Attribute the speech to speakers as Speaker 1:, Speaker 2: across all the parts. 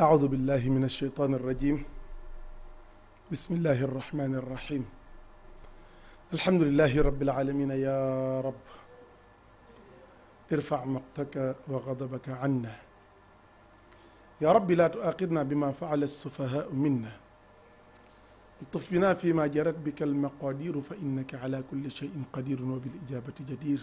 Speaker 1: أعوذ بالله من الشيطان الرجيم بسم الله الرحمن الرحيم الحمد لله رب العالمين يا رب ارفع مقتك وغضبك عنا يا رب لا تؤاخذنا بما فعل السفهاء منا الطف بنا فيما جرت بك المقادير فإنك على كل شيء قدير وبالإجابة جدير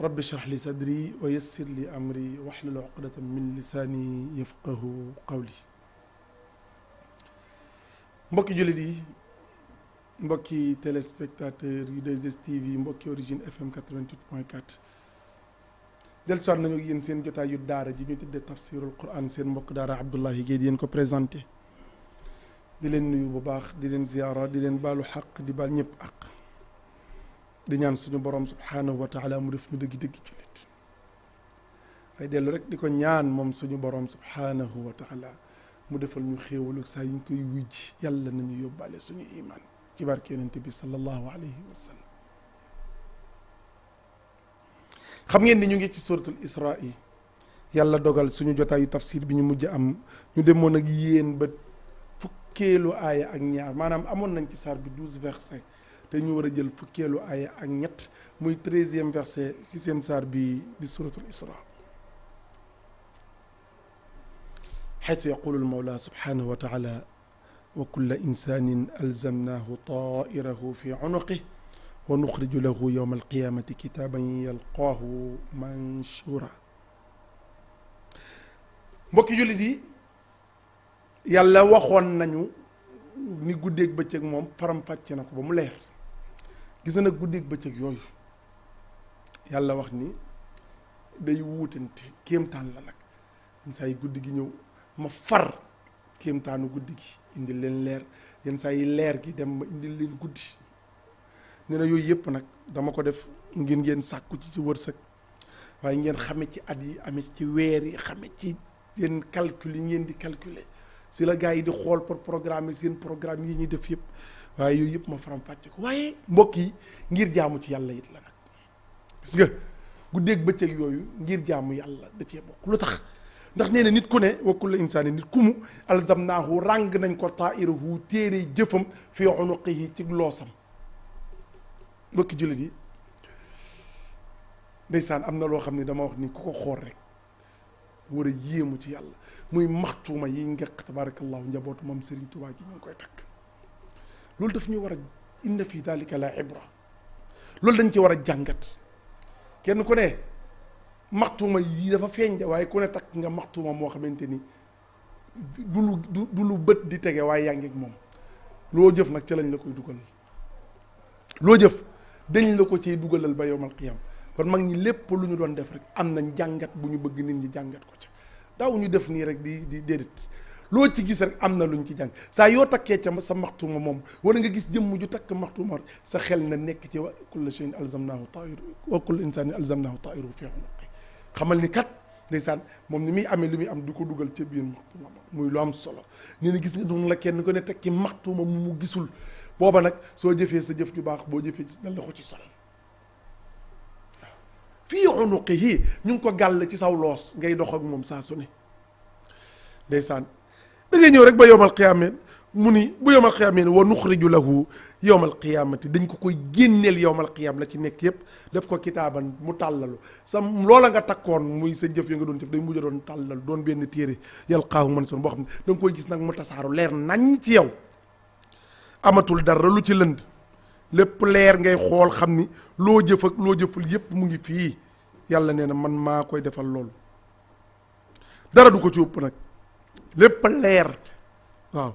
Speaker 1: rabbi shrah li sadri wa yassir li amri wahlul uqdatan min lisaani yafqahu qawli mbokki jullit yi mbokki téléspectateur yu des stv mbokki origine fm 88.4 dellusiwaat nañu yéen seen jotaay yu daara ji ñu tuddee tafsirul quran seen mbokk daara Abdoulaye Guèye di yen ko présenté di leen nuyu bu baax di leen ziyaara di leen baalu xaq di baal ñëpp àq di ñaan suñu borom subhaanahu wa taala mu def ñu dëgg-dëgg jullit ay dellu rek di ko ñaan moom suñu borom subhaanahu wa mu defal ñu xéewalu saa yi ñu koy wujj yàlla nañu yóbbaale suñu imaan ci barke yonent bi sallallahu alayhi wa sallam xam ngeen ni ñu ngi ci suratul isra yi yàlla dogal suñu jotaayu tafsir bi ñu mujj am ñu demoon ak yéen ba fukkeelu aaya ak ñaar maanaam amoon nañ ci saar bi douze versets te ñu war a jël fukkeelu aaya ak ñett muy treizième verset ci seen saar bi di suratul isra xaytu yaqulu almawla subhanahu wa taala wa kulla insanin alzamnahu tairahu fi unuqih wa nuxriju lahu yàlla waxoon nañu ni guddeeg bëccëg moom faram fàcce na ko ba mu leer gis na nag guddeeg bëccëg yooyu yàlla wax ni day wuutante kéemtaan la nag yenn saa yi guddi gi ñëw ma far kéemtaanu guddi gi indi leen leer yenn saa yi leer gi dem ma indi leen guddi nee yooyu yëpp nag dama ko def ngir ngeen sàkku ci ci wërsëg waaye ngeen xame ci at yi amee ci weer yi xame ci seen calcul yi ngeen di calculer si la gars yi di xool pour programmer seen programme yi ñuy def yëpp waaye yooyu yëpp ma faram fàcce ko waaye mbokk yi ngir jaamu ci yàlla it la nag gis nga bëccëg yooyu ngir jaamu yàlla da cee bokk lu tax ndax nee na nit ku ne wa kulla insaani nit ku mu alzamnaahu ràng nañ ko taa'irahu téere jëfam fi unuqihi ci loosam mbokki jullit yi ndeysaan am na loo xam ne dama wax ni ku ko xool rek war a yéemu ci yàlla muy maxtuma yi ngeq tabarakallahu njabootu moom Serigne Touba gi ñu ngi koy takk loolu daf ñu war a inna fi dalika la ibra loolu dañ ci war a jàngat kenn ku ne maxtuuma yi dafa feeñ de waaye ku ne takk nga maxtuuma moo xamante ni du lu du lu bët di tege waaye yaa ngi ak moom loo jëf nag ci lañ la koy dugal loo jëf dañ la ko ci dugalal ba yowmal qiyam kon mag ñi lépp lu ñu doon def rek am nañ jàngat bu ñu bëgg nit ñi jàngat ko ca daaw ñu def nii rek di di déedéet loo ci gis rek am na lu ñu ci jàng saa yoo takkee ca sa maxtuuma moom wala nga gis jëmm ju takk maxtuuma sa xel na nekk ci wa kulla shay'in alzamnahu ta'iru wa kulla insani alzamnahu ta'iru fi unuqi xamal ni kat ndeysaan moom ni muy amee li muy am du ko dugal ca biir maxtuuma muy lu solo nee na gis nga doon la kenn ko ne tekki maxtuuma mu gisul booba nag soo jëfee sa jëf ju baax boo jëfee dal la ci sol fii unuqihi ñu ngi ko gàll ci saw loos ngay dox ak moom saa su ne ndeysaan da ngay ñëw rek ba yowmal qiyaameen mu ni bu yowmal qiyaameen wa nuxriju lahu yowmal qiyaamati dañ ko koy génneel yowmal qiyaam la ci nekk yépp def ko kitaaban mu tàllalu sa loola nga takkoon muy sa jëf ya nga doon jëf dañ mujj doon tàllalu doon benn téere yalqaahu mansuur boo xam ne da nga koy gis nag mu tasaaru leer nañ ci yow amatul dara lu ci lënd lépp leer ngay xool xam ni loo jëf loo jëful yépp mu ngi fii yàlla nee na man maa koy defal loolu dara ko ci ëpp nag lépp leer waaw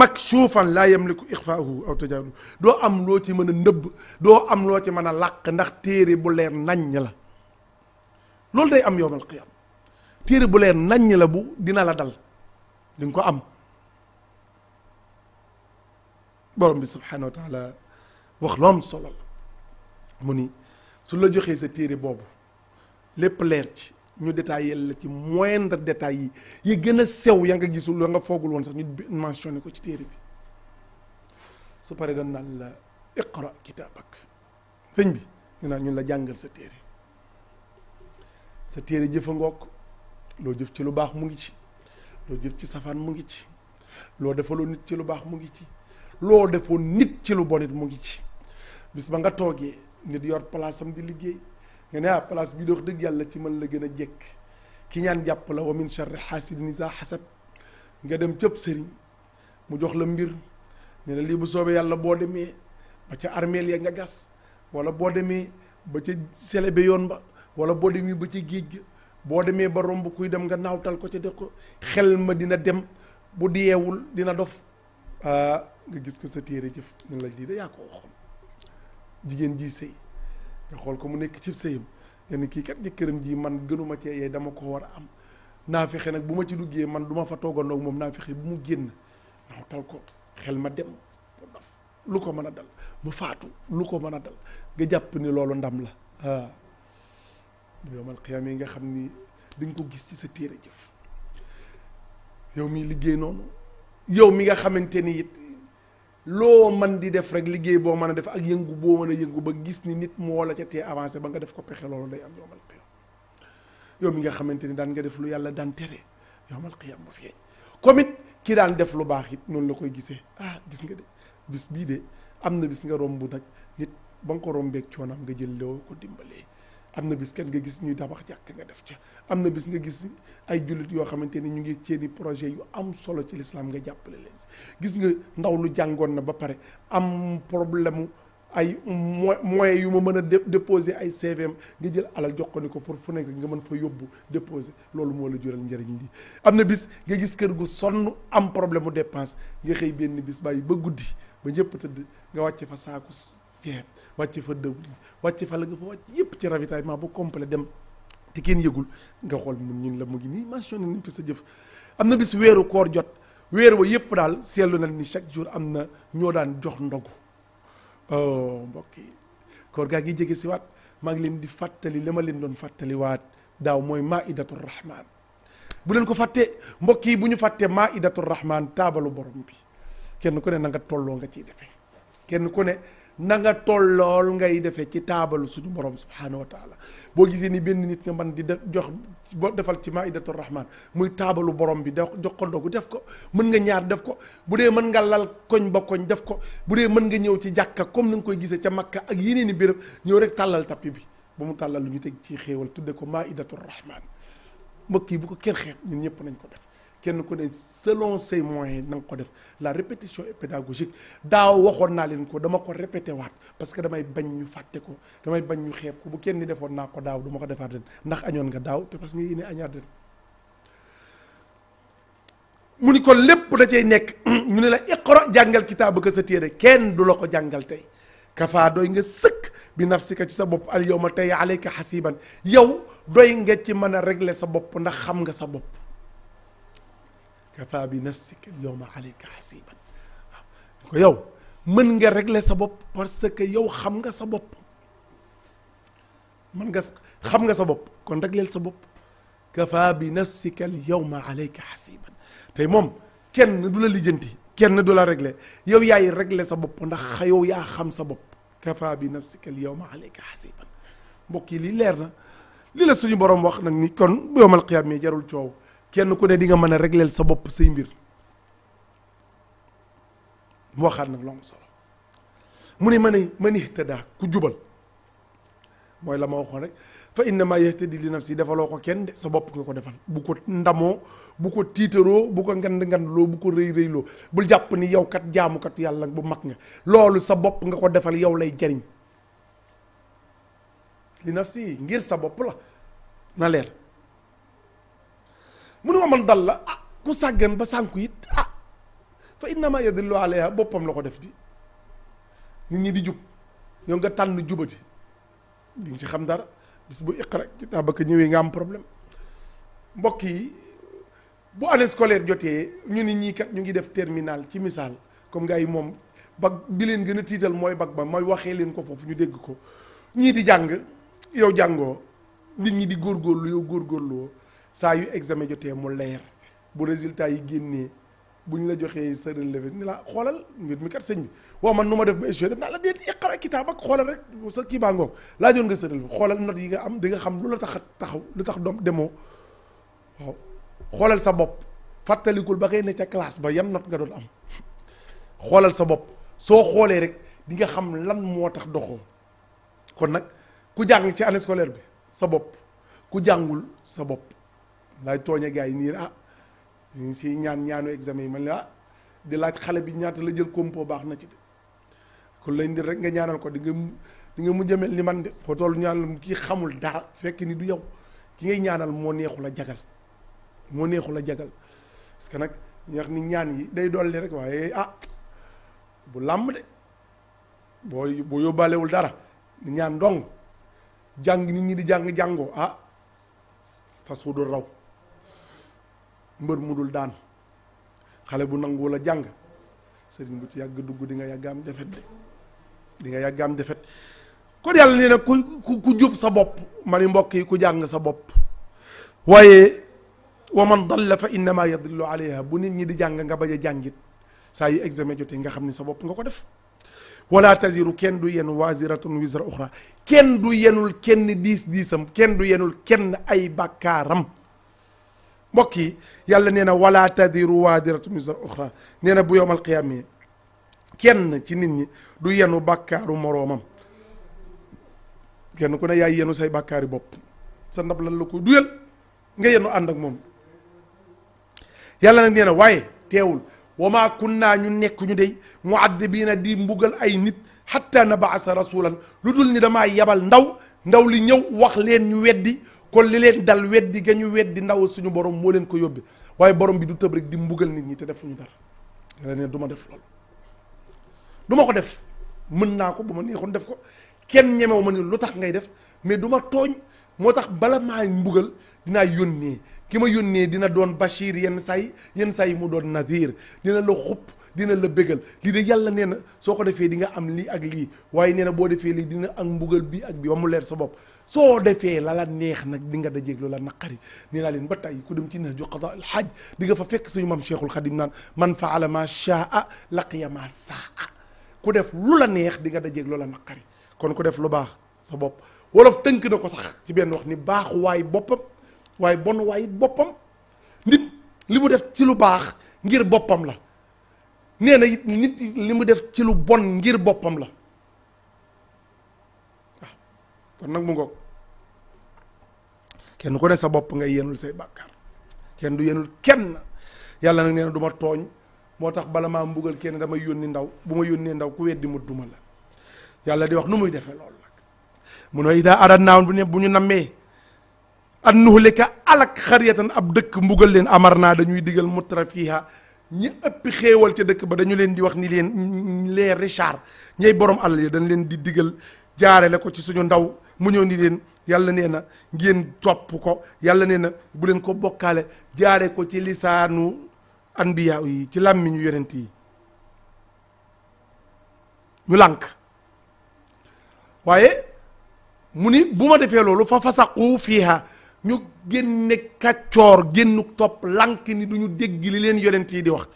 Speaker 1: makshufan laa yamliku ixfaahu aw tajaalu doo am loo ci mën a ndëbb doo am loo ci mën a làq ndax téere bu leer naññ la loolu day am yowmal qiyam téere bu leer naññ la bu dina la dal di ko am borom bi subhanahu wa taala wax loom solo la mu ni su la joxee sa téere boobu lépp leer ci ñu détaillé la ci moindre détail yi yi gën a sew ya nga gisul ya nga foogul woon sax nit ñu mentionné ko ci téere bi su paree dañ naan la iqra kitaabak sëñ bi ñu naan ñun la jàngal sa téere sa téere jëfa ngoog loo jëf ci lu baax mu ngi ci loo jëf ci safaan mu ngi ci loo defaloo nit ci lu baax mu ngi ci loo defoo nit ci lu bon it mu ngi ci bis ba nga toogee nit yor palaasam di liggéey nga ne ah place bii dox dëgg yàlla ci mën la gën a jekk ki ñaan jàpp la wa min charri xaasidin isa xasad nga dem cëpp sëriñ mu jox la mbir ñu ne lii bu soobee yàlla boo demee ba ca armeel ya nga gas wala boo demee ba ca selebe yoon ba wala boo demee ba ca géej gi boo demee ba romb kuy dem nga naawtal ko ca def ko xel ma dina dem bu deewul dina dof ah, nga gis ko sa téere jëf ñu la lii da yaa ko waxoon jigéen ji sëy nga xool ko mu nekk ci sëyam nga ni kii kat këram ji man gënuma cee yee dama ko war a am naa fexe nag bu ma ci duggee man du ma fa toogandoog moom naa fexe bu mu génn naw ko xel ma dem lu ko mën a dal mu faatu lu ko mën a dal nga jàpp ni loolu ndam la ah bu yomal yi nga xam ni dañ ko gis ci sa téere jëf yow mi liggéey noonu yow mi nga xamante ni it loo man di def rek liggéey boo mën a def ak yëngu boo mën a yëngu ba gis ni nit moo la ca tee avancé ba nga def ko pexe loolu day am yowmal qiyam yow mi nga xamante ni daan nga def lu yàlla daan tere yowmal qiyam mu feeñ comme it ki daan def lu baax it noonu la koy gisee ah gis nga de bis bii de am na bis nga romb nag nit ba nga ko rombeeg coonam nga jël loo ko dimbalee am na bis kenn nga gis ñuy tabax jàkk nga def ca am na bis nga gis ay jullit yoo xamante ni ñu ngi ceeni projet yu am solo ci lislaam nga jàppale gis nga ndaw lu jàngoon na ba pare am problème ay moyens yu ma mën a déposer ay CVM nga jël alal jox ko pour fu nekk nga mën fa yóbbu déposer loolu moo la jural njëriñ li am na bis nga gis kër gu sonn am problème mu dépense nga xëy benn bis bàyyi ba guddi ba ñëpp tëdd nga wàcce fa saaku Dieng wàcc fa dëw wàcc fa la nga fa wàcc yëpp ci ravitaillement bu complet dem te kenn yëgul nga xool mun ñun la mu ngi nii mentionné nañ ko sa jëf am na bis weeru koor jot weer wa yëpp daal seetlu na ni chaque jour am na ñoo daan jox ndogu oh, mbokk yi koor gaa ngi jege si waat maa ngi leen di fàttali li ma leen doon fàttali waat daaw mooy maidatul rahman bu leen ko fàttee mbokk yi bu ñu fàttee ma maidatul rahman taabalu borom bi kenn ku ne na tolloo nga ci defee kenn ko ne nanga nga tollool ngay defee ci taabalu suñu borom subhaanahu wa boo gisee ni benn nit nga man di jox boo defal ci maidatu rahman muy taabalu borom bi def jox ko ndogu def ko mën nga ñaar def ko bu dee mën nga lal koñ ba koñ def ko bu dee mën nga ñëw ci jàkka comme ni nga koy gisee ca makka ak yeneen i béréb ñëw rek tàllal tappi bi ba mu tàllal lu ñu teg ci xéewal tudde ko maidatu rahman mbokk yi bu ko kenn xeet ñun ñëpp nañ ko def kenn ku ne selon ses moyens na nga ko def la répétition est pédagogique daaw waxoon naa leen ko dama ko répété waat parce que damay bañ ñu fàtte ko damay bañ ñu xeeb ko bu kenn ni defoon naa ko daaw duma ko defaat ren ndax añoon nga daaw te parce que nga yéene añaat ren mu ni ko lépp da cay nekk ñu ne la iqra jàngal kitaab ka sa téere kenn du la ko jàngal tey kafaa doy nga sëkk bi nafsika ci sa bopp al yow ma tey alayka xasiban yow doy nga ci mën a regle sa bopp ndax xam nga sa bopp kafa bi nafsika yowma alayka xasiban ko yow mën nga regle sa bopp parce que yow xam nga sa bopp mën nga xam nga sa bopp kon régleel sa bopp kafa bi nafsika yowma alayka xasiban moom kenn du la lijjanti kenn du la régler yow yaay régler sa bopp ndax yow yaa xam sa bopp kafa bi yow ma alayka xasiban mbokk yi lii leer na li la suñu borom wax nag ni kon bu yowmal qiyaam mi jarul coow kenn ku ne di nga mën a régler sa bopp say mbir mu waxaat nag lu am solo mu ne ma ne man ihtada ku jubal mooy la ma waxoon rek fa innama di li si defaloo ko kenn de sa bopp nga ko defal bu ko ndamoo bu ko tiitaroo bu ko ngand ngandloo bu ko rëy rëyloo bul jàpp ni yow kat jaamukat yàlla bu mag nga loolu sa bopp nga ko defal yow lay jariñ li nafsi ngir sa bopp la na leer mu ne ma man dal la ah ku sàggan ba sànku it ah fa innama yadillu alayha boppam la ko def di nit ñi di jub yow nga tànn jubati di nga ci xam dara bis bu iqra kitaabaka ñëwee nga am problème mbokk yi bu année scolaire jotee ñu ni ñii kat ñu ngi def terminal ci misaal comme ngay moom bag bi leen gën a tiital mooy bag ba mooy waxee leen ko foofu ñu dégg ko ñii di jàng yow jàngoo nit ñi di góor góorgóorlu yow góorgóorluwoo saa yu examen jotee mu leer bu résultat yi génnee bu ñu la joxee sa relevé ni la xoolal ngir mi kat sëñ bi waaw man nu ma def ba échoué def naa la déet iqra kitaab ak xoolal rek sa kii baa ngoog laajoon nga sa relevé xoolal note yi nga am di xam lu la tax taxaw lu tax doom demoo xoolal sa bopp fàttalikul ba ngay ne ca classe ba yam note nga doon am xoolal sa bopp soo xoolee rek di nga xam lan moo tax doxoo kon nag ku jàng ci année scolaire bi sa bopp ku jàngul sa bopp laay tooñe gars yi nii ah ñu si ñaan ñaanu examen yi man la ah di laaj xale bi ñaata la jël compo baax na ci de kon lañ di rek nga ñaanal ko di nga di nga mujj a mel ni man de foo toll ñaanal kii xamul dara fekk ni du yow ki ngay ñaanal moo neexul a jagal moo neexul a jagal parce que nag ñax ni ñaan yi day dolli rek waaye ah bu làmb de boo boo yóbbaalewul dara ñaan dong jàng nit ñi di jàng jàngoo ah fas wu raw. mbër mu dul daan xale bu nanguwul a jàng sëriñ bu ci yàgg dugg di nga yàgg am defet de di nga yàgg defet kon yàlla nee na ku ku jub sa bopp ma ni mbokk yi ku jàng sa bopp waaye wa man dalla fa innama yadillu alayha bu nit ñi di jàng nga bañ a jàngit saa yi examen jotee nga xam ni sa bopp nga ko def wala taziru kenn du yenu waziratun wisra uxra kenn du yenul kenn diis diisam kenn du yenul kenn ay bàkkaaram mbokk yi yàlla nee na wala tadiru waadiratu misra uxra nee na bu yowmal qiyaama kenn ci nit ñi du yenu bàkkaaru moroomam kenn ku ne yaay yenu say bàkkaari bopp sa ndab lan la ko duyal nga yenu ànd ak moom yàlla nag nee waaye teewul wama kunna ñu nekk ñu dey muaddibiina di mbugal ay nit hatta nabaasa rasulan lu dul ni damaa yabal ndaw ndaw li ñëw wax leen ñu weddi kon li leen dal weddi nga ñu weddi ndaw suñu borom moo leen ko yóbbi waaye borom bi du tëb rek di mbugal nit ñi te defuñu dara la ne du ma def loolu duma ko def mën naa ko bu ma neexoon def ko kenn ñemew ma ni lu tax ngay def mais du ma tooñ moo tax bala maa mbugal dinaa yónnee ki ma yónnee dina doon Bachir yenn saa yenn saa yi mu doon Nadir dina la xupp dina la bégal lii de yàlla nee na soo ko defee di nga am lii ak lii waaye nee na boo defee lii dina ak mbugal bii ak bi mu leer sa bopp soo defee la neex nag di nga dajeeg la naqari nee naa leen ba tey ku dem ci na ju qada al xaj di fa fekk suñu maam cheikhul xadim naan man faala ma shaa laqiya ma saa ku def lu la neex di nga dajeeg loola naqari kon ku def lu baax sa bopp wolof tënk na ko sax ci benn wax ni baaxu waaye boppam waaye bon waay boppam nit li mu def ci lu baax ngir boppam la nee na it nit li mu def ci lu bon ngir boppam la kon nag mu ngoog kenn ku ne sa bopp ngay yenul say bàkkaar kenn du yenul kenn yàlla nag nee na du ma tooñ moo tax bala maa mbugal kenn damay yónni ndaw bu ma yónnee ndaw ku weddi ma duma la yàlla di wax nu muy defee lool nag mu ne bu ne bu ñu nammee an nuhlika alak xariyatan ab dëkk mbugal leen amar dañuy digal mutra fiha ñi ëpp xéewal ca dëkk ba dañu leen di wax ni leen les richard ñey borom àll yi dañ leen di digal jaarale ko ci suñu ndaw mu ñëw ni leen yàlla nee na ngeen topp ko yàlla nee na bu leen ko bokkaale jaare ko ci lisaanu anbiya yi ci làmmiñu yonent yi ñu lànk waaye mu ni bu ma defee loolu fa fasaqu fiiha ñu génne kàccoor génnu topp lànk ni du ñu dégg li leen yonent yi di wax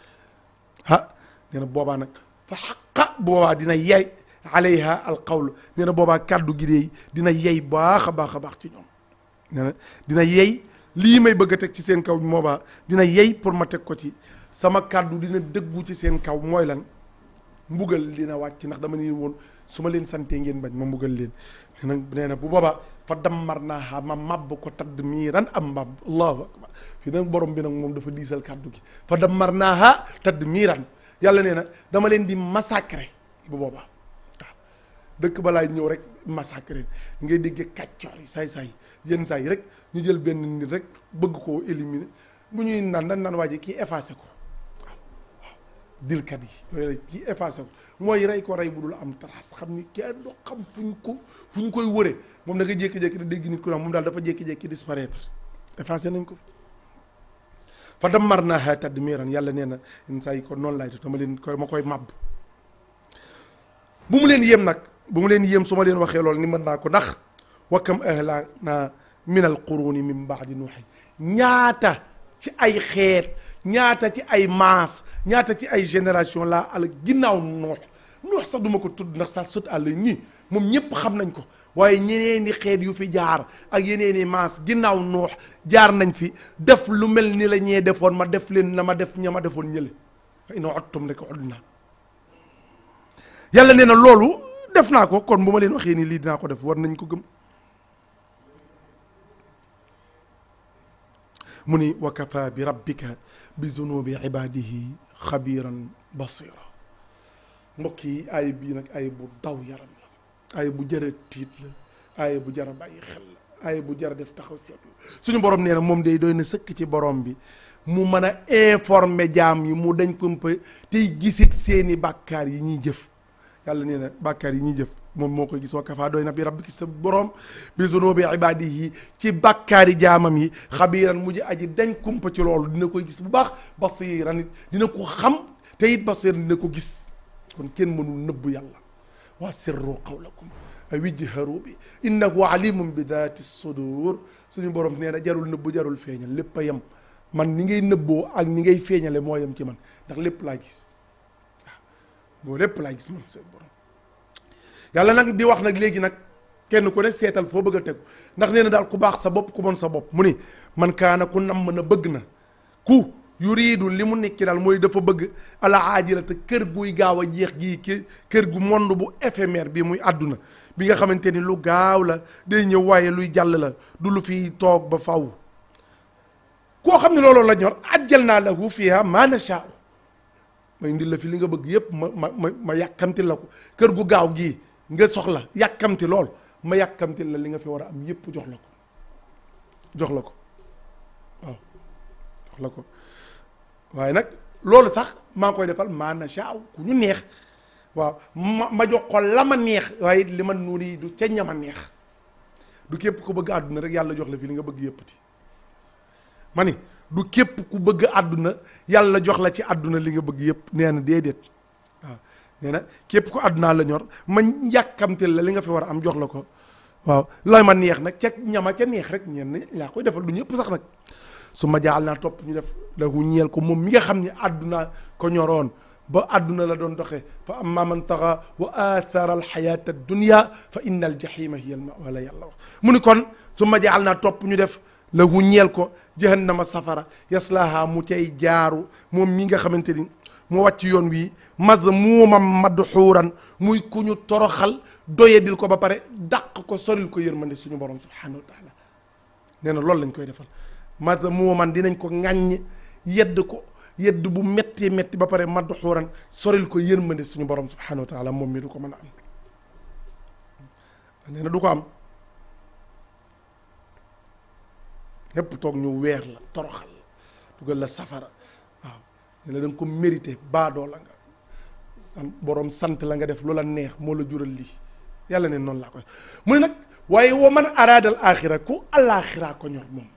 Speaker 1: ah nee na boobaa nag fa xaqa boobaa dina yaay alayha alqawl nee na boobaa kàddu gi de dina yey baax a baax a baax ci ñoom nee na dina yey lii may bëgg a teg ci seen kaw boobaa dina yey pour ma teg ko ci sama kàddu dina dëggu ci seen kaw mooy lan mbugal dina wàcc ndax dama ne woon su ma leen santee ngeen bañ ma mbugal leen nee na nee na bu boobaa fa dammar naaha ma màbb ko tadd miiran am màbb allahu akbar fii nag borom bi nag moom dafa diisal kàddu gi fa dammar naaha tadd miiran yàlla nee na dama leen di massacrer bu boobaa dëkk balaa ñëw rek massacre ngay déggee kàccoor yi saay-saay yenn saa yi rek ñu jël benn nit rek bëgg koo éliminer bu ñuy naan dañ naan waa ji kii effacé ko waaw dilkat yi yooyu kii effacé ko mooy rey ko rey bu dul am trace xam ni kenn du xam fu ñu ko fu ñu koy wëree moom da nga jékki-jékki di dégg nit ku ne moom daal dafa jékki-jékki disparaître effacé nañ ko fa dammarnaahaa tadmiiran yàlla nee na saa ko noonu laay def dama leen ko ma koy màbb bu mu leen yem nag. bu mu leen yéem su ma leen waxee loolu ni mën naa ko ndax wakam ahlakna min al quruni min baadi nuuxi ñaata ci ay xeet ñaata ci ay maas ñaata ci ay génération laa al ginnaaw nuux nuux sax duma ko tudd ndax sa sët àll nii moom ñëpp xam nañ ko waaye ñeneen i xeet yu fi jaar ak yeneeni i maas ginnaaw nuux jaar nañ fi def lu mel ni la ñee defoon ma def leen la ma def ña ma defoon ñële fa ina ottum rek yàlla nee na loolu def naa ko kon bu ma leen waxee ni lii dinaa ko def war nañ ko gëm mu ni wa kafa bi rabbika bi zunubi ibadihi xabiran basira mbokk yi aay bii nag aay bu daw yaram la aay bu jara tiit la aay bu jara bàyyi xel la aay bu jara def taxaw seetlu suñu borom nee na moom day doy na sëkk ci borom bi mu mën a informer jaam yi mu dañ ko tey gisit seeni bàkkaar yi ñuy jëf yàlla nee na bàkkaar yi ñuy jëf moom moo koy gis wa kafaa doy na bi rabbiki sa borom bi zunubi yi ci bàkkaari jaamam yi xabiiran mu ji aji dañ kumpa ci loolu dina koy gis bu baax basiiran it dina ko xam tey it basiiran dina ko gis kon kenn mënul nëbbu yàlla waa sirru qawlakum aw ijharu bi innahu alimun bi daati sudur suñu borom nee na jarul nëbbu jarul feeñal lépp a yem man ni ngay nëbboo ak ni ngay feeñale moo yem ci man ndax lépp laa gis loolu lépp laa gis man seen borom yàlla nag di wax nag léegi nag kenn ku ne seetal foo bëgg a tegu ndax nee daal ku baax sa bopp ku bon sa bopp mu ni man kaana ku namm na bëgg na ku yuriidu li mu nekki daal mooy dafa bëgg ala aajilata kër guy gaaw a jeex gii kër gu monde bu éphémère bi muy àdduna bi nga xamante ni lu gaaw la day ñëw waaye luy jàll la du lu fiy toog ba faw koo xam ne looloo la ñor ajjal naa lahu fiha ma nashaau ma indil la fi li nga bëgg yépp ma ma ma ma yàkkamti la ko kër gu gaaw gii nga soxla yàkkamti lool ma yàkkamti la li nga fi war a am yépp jox la ko jox la ko waaw jox la ko waaye nag loolu sax maa ngi koy defal maana shaaw ñu neex waaw ma jox ko la ma neex waaye li ma nuur yi du ca ma neex du képp ko bëgg àdduna rek yàlla jox la fi li nga bëgg yéppati mani du képp ku bëgg àdduna yàlla jox la ci àdduna li nga bëgg yëpp nee na déedéet waaw nee na képp ku àddunaa la ñor ma yàkkamte la li nga fi war a am jox la ko waaw looy ma neex nag ca ñama ca neex rek ñenn laa koy defal du ñëpp sax nag su ma jaal naa topp ñu def lahu ñeel ko moom mi nga xam ne àddunaa ko ñoroon ba àdduna la doon doxee fa amma man taxa wa athara alxayata dunia fa inna aljahima hiya almawa la yàlla mu ni kon su ma jaal naa topp ñu def lahu ñeel ko jahannama safara yaslaha mu cay jaaru moom mi nga xamante ni mu wàcc yoon wii mazmuumam madxuuran muy ku ñu toroxal doyedil ko ba pare dàq ko soril ko yërmande suñu borom subhanahu wa na loolu lañ koy defal mazmuuman dinañ ko ŋàññ yedd ko yedd bu metti metti ba pare madxuuran soril ko yërmande suñu borom subhanahu taala moom mi du ko mën a am nee na du ko am ñëpp toog ñu weer la toroxal dugal la safara waaw ne la ko mérité baadoo la nga sant borom sant la nga def loola neex moo la jural lii yàlla ne noonu laa koy mu ne nag waaye wa man araadal axira ku alaaxiraa ko ñor moom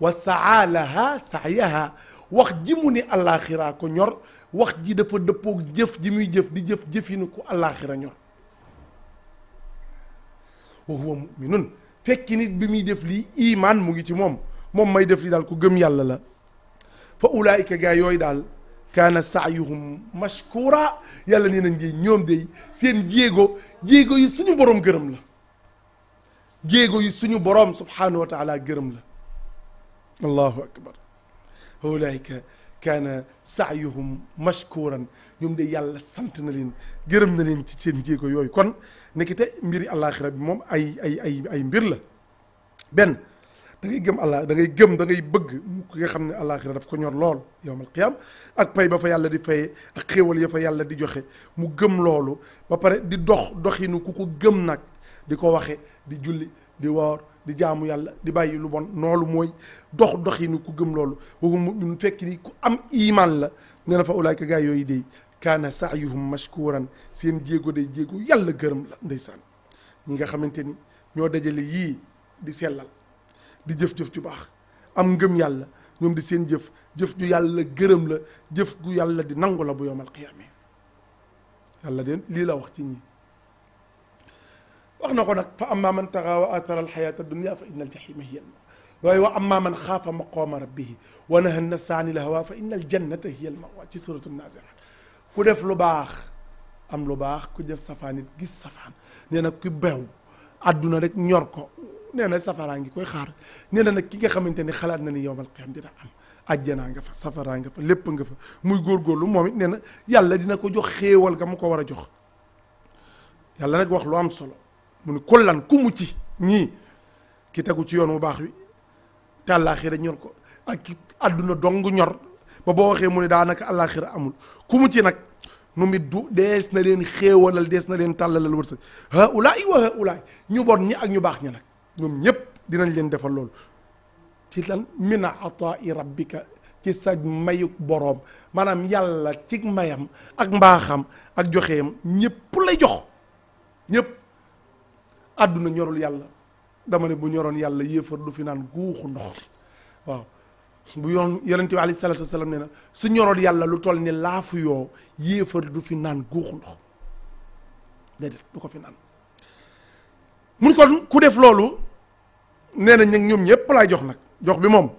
Speaker 1: wa saalaha saayaha wax ji mu ne alaaxiraa ko ñor wax ji dafa dëppoog jëf ji muy jëf di jëf jëfinu ku alaaxira ñor wa huwa muminun fekki nit bi muy def lii imaan mu ngi ci moom moom may def li daal ku gëm yàlla la fa ulaayika gaa yooyu daal kaana saayuhum mashkura yàlla nee na de ñoom de seen jéego jéego yi suñu boroom gërëm la jéego yi suñu boroom subhanahu wa taala gërëm la allahu akbar fa ulaayika kaana saayuhum ñoom de yàlla sant na leen gërëm na leen ci seen jéego yooyu kon nekkite mbiri àllaaxira bi moom ay ay ay ay mbir la benn da ngay gëm allah da ngay gëm dangay ngay bëgg ki nga xam ne àllaaxira daf ko ñor lool yowmal qiyaam ak pay ba fa yàlla di fayee ak xéewal ya fa yàlla di joxe mu gëm loolu ba pare di dox doxinu ku ko gëm nag di ko waxe di julli di woor di jaamu yàlla di bàyyi lu bon noolu mooy dox doxinu ku gëm loolu waxu mu fekk ni ku am iimaan la nee yooyu dey kaana saayuhum mashkuran seen jéego day jéego yàlla gërëm la ndeysaan ñi nga xamante ni ñoo dajale yii di sellal di jëf-jëf ju baax am ngëm yàlla ñoom di seen jëf jëf ju yàlla gërëm la jëf gu yàlla di nangu la bu yowmal qiyaame yàlla de lii la wax ci ñi wax na ko nag fa amma man taxaa wa athara alxayata dunia fa inna aljahima hiya alma waaye wa amma man xaafa maqama rabbihi wa naha nafsa ani alhawa fa inna aljannata hiya almawa ci suratu naziat ku def lu baax am lu baax ku def safaan it gis safaan nee na ku bew àdduna rek ñor ko nee na safaraa ngi koy xaar nee nag ki nga xamante ni xalaat na ni yowmal qiyaam dina am ajjanaa nga fa safaraa nga fa lépp nga fa muy góorgóorlu moom it nee na yàlla dina ko jox xéewal ga mu ko war a jox yàlla nag wax lu am solo mu ni kullan ku mu ci ñii ki tegu ci yoon wu baax wi te àllaaxira ñor ko ak ki àdduna dong ñor ba boo waxee mu ne daanaka àllaaxira amul ku ci nag nu mit du dees na leen xéewalal dees na leen tàllalal wërsëg haulaay wa haulaay ñu bon ñi ak ñu baax ñi nag ñoom ñëpp dinañ leen defal loolu ci lan min ataai rabbika ci sa mayuk boroom maanaam yàlla ci mayam ak mbaaxam ak joxeem ñëpp lay jox ñépp àdduna ñorul yàlla dama ne bu ñoroon yàlla yéefar du fi naan guuxu ndox waaw bu yoon yonent bi alayhi salaatu wasalaam nee na su ñoroon yàlla lu toll ni laafu yoo yéefar du fi naan guux ndox déedéet du ko fi naan mun kon ku def loolu nee na ñoom ñëpp laay jox nag jox bi moom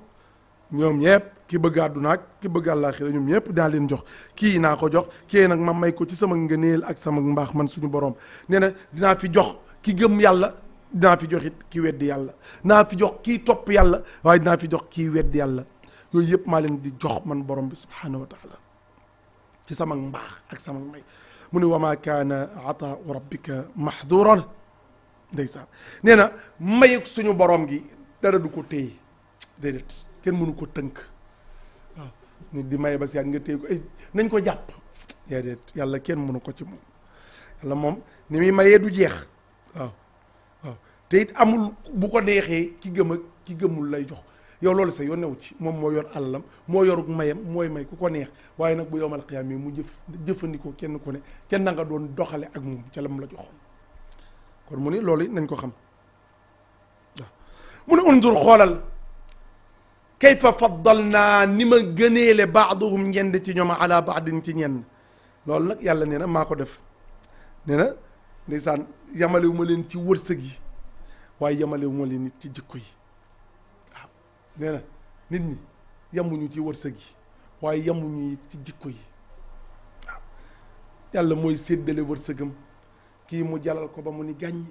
Speaker 1: ñoom ñëpp ki bëgg àdduna ak ki bëgg àllaaxira ñoom ñëpp daa leen jox kii naa ko jox kii nag ma may ko ci sama ngëneel ak sama mbaax man suñu boroom nee na dinaa fi jox ki gëm yàlla dinaa fi jox it ki weddi yàlla naa fi jox kii topp yàlla waaye dinaa fi jox kii weddi yàlla yooyu yëpp maa leen di jox man borom bi subhanahu wa taala ci sama mbaax ak sama may mu ne wa maa kaana ataau rabbika mahduran ndeysaan nee na mayuk suñu boroom gi dara du ko téye déedéet kenn mënu ko tënk waaw nit di may ba si ak nga téye ko ay nañ ko jàpp déedéet yàlla kenn mënu ko ci moom yàlla moom ni muy mayee du jeex waaw waaw te amul bu ko neexee ki gëma ak ki gëmul lay jox yow loolu sa yoon newu ci moom moo yor alalam moo yoruk mayam mooy may ku ko neex waaye nag bu yowmal xiyaam yi mu jëf jëfandikoo kenn ku ne ca na nga doon doxale ak moom ca la mu la mu ni loolu nañ ko xam mu ne undur xoolal kayfa faddal naa ni ma gëneele baaduhum ñenn ci ñoom ala baadin ci ñenn loolu nag yàlla nee na maa ko def nee na ndeysaan yamalewuma leen ci wërsëg yi waaye yamalewu ma leen ci jikko yi nee na nit ñi yemuñu ci wërsëg yi waaye yemuñu ci jikko yi waaw yàlla mooy séddale wërsëgam kii mu jalal ko ba mu ni gàññi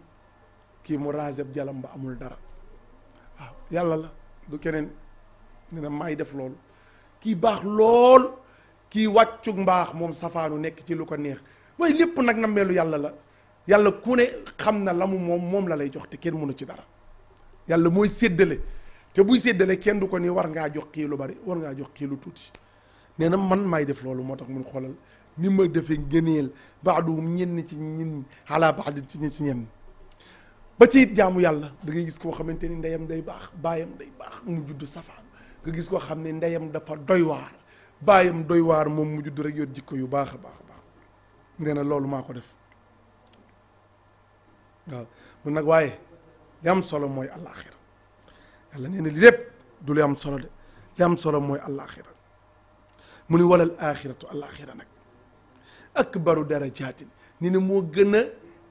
Speaker 1: kii mu raaseb jalam ba amul dara waaw yàlla la du keneen nee na maay def loolu kii baax lool kii wàccug mbaax moom safaanu nekk ci lu ko neex mooy lépp nag nammeelu yàlla la yàlla ku ne xam na la mu moom moom la lay jox te kenn mënu ci dara yàlla mooy séddale te buy séddale kenn du ko ni war ngaa jox kii lu bari war ngaa jox kii lu tuuti nee na man maay def loolu moo tax mun xoolal ni ma defee ngëneel baaduhum ñenn ci ñin ala ci ñi ci ñenn ba ci it jaamu yàlla da ngay gis koo xamante ni ndeyam day baax baayam day baax mu judd safaan gis koo xam ne ndeyam dafa doy waar baayam doy waar moom mu judd rek yor jikko yu baax a baax a baax nee na loolu maa ko def waaw mun nag waaye li am solo mooy àllaaxira yàlla nee na li lépp du li am solo de li am solo mooy alaaxira mu ni walal aaxiratu alaaxira nag baru darajaatin nee na moo gën a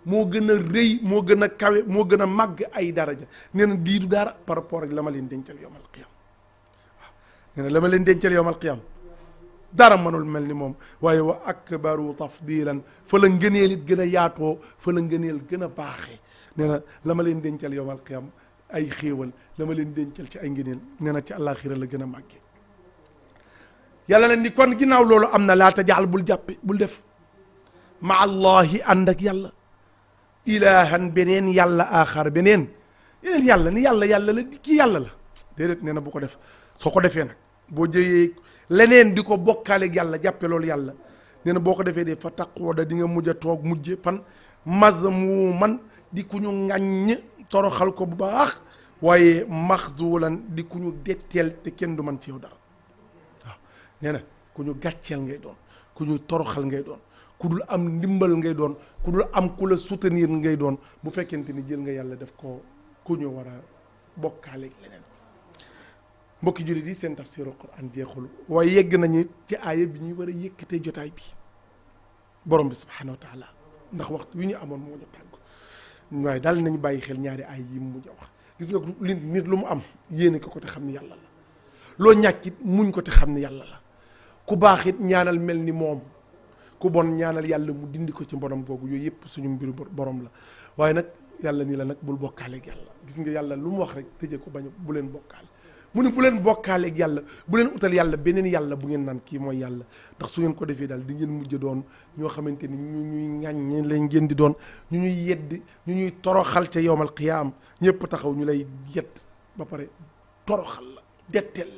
Speaker 1: moo gën a rëy moo gën a kawe moo gën a màgg ay daraja nee na lii du dara par rapport ak la ma leen dencal yowmal qiyam waaw la ma leen dencal yowmal dara mënul mel ni moom waaye wa akbaru tafdilan fa la ngëneel it gën a yaatoo fa la ngëneel gën a baaxee nee la ma leen dencal yowmal qiyam ay xéewal la leen dencal ci ay ngëneel nee ci ci àllaaxira la gën a màggee yàlla leen di kon ginnaaw loolu am na laata jaal bul jàppe bul def ma allahi ànd ak yàlla ilaahan beneen yàlla aaxar beneen yàlla ni yàlla yàlla la di kii yàlla la déedéet nee na bu ko def soo ko defee nag boo jëyee leneen di ko bokkaaleeg yàlla jàppe loolu yàlla nee boo ko defee de fa taqooda di nga mujj a toog mujje fan mazmuuman di ku ñu ŋàññ toroxal ko bu baax waaye max maxzulan di ku ñu detteel te kenn du man ci yow dara waaw nee na ku ñu gàcceel ngay doon ku ñu toroxal ngay doon ku dul am ndimbal ngay doon ku dul am ku la soutenir ngay doon bu fekkente ni jël nga yàlla def ko ku ñu war a bokkaaleeg leneen mbokki jullit yi seen tafsiru Qur'an jeexul waaye yegg nañu ci aaya bi ñuy war a yëkkatee jotaay bi borom bi subhanahu wa taala ndax waxtu wi ñu amoon moo ñu tàggu waaye daal nañu bàyyi xel ñaari ay yi mu mujj wax gis nga li nit lu mu am yéene ko ko te xam ne yàlla la loo ñàkkit muñ ko te xam ne yàlla la ku baax it ñaanal mel ni moom ku bon ñaanal yàlla mu dindi ko ci mborom boobu yooyu yëpp suñu mbiru borom la waaye nag yàlla nii la nag bul bokkaale ak yàlla gis nga yàlla lu mu wax rek tëjee ko bañ bu leen bokkaale mu ne bu leen bokkaaleeg yàlla bu leen utal yàlla beneen yàlla bu ngeen naan kii mooy yàlla ndax su ngeen ko defee daal di ngeen mujj doon ñoo xamante ni ñu ñuy ŋàññ lañ ngeen di doon ñu ñuy yedd ñu ñuy toroxal ca yowmal qiyaam ñëpp taxaw ñu lay yedd ba pare toroxal la detteel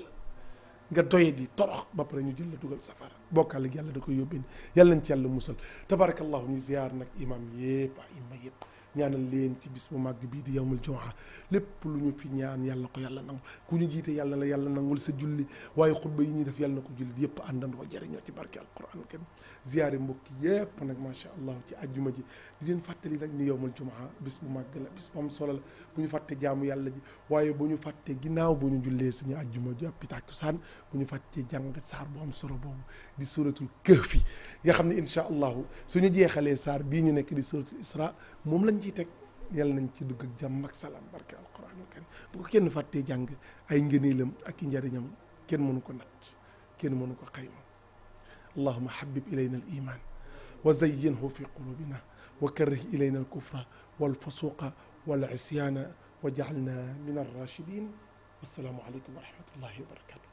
Speaker 1: nga doye di torox ba pare ñu jël la dugal safara bokkaaleeg yàlla da koy yóbbee yàlla nañ ci yàlla musal tabarakallahu ñu ziyaar nag imam yépp ay ma yépp ñaanal leen ci bis bu màgg bii di yawmul jumaa lépp lu ñu fi ñaan yàlla ko yàlla nangu ku ñu jiite yàlla la yàlla nangul sa julli waaye xutba yi ñuy def yàlla na ko jullit yëpp àndandoo jëriñoo ci barke alquran kenn ziyaare mbokki yépp nag macha allah ci ajjuma ji di leen fàttali nag ni yawmul jumaa bis bu màgg la bis bu am solo bu ñu fàttee jaamu yàlla ji waaye bu ñu fàtte ginnaaw bu ñu jullee suñu ajjuma ji ab takkusaan bu ñu fàtte jàng saar bu am solo boobu di suratul kahfi nga xam ne incha allahu suñu jeexalee saar bii ñu nekk di suratul isra moom lañ ciy teg yàlla nañ ci dugg ak jàmm ak salaam barke alquranul karim bu ko kenn fàttee jàng ay ngëneelam ak i njariñam kenn mënu ko natt kenn mënu ko xayma allahuma habib ilayna al iman wa zayyinhu fi qulubina wa karrih ilayna al kufra wal fusuqa wal wa jaalna min arrachidin wassalaamu aleykum wa rahmatullahi wa barakatu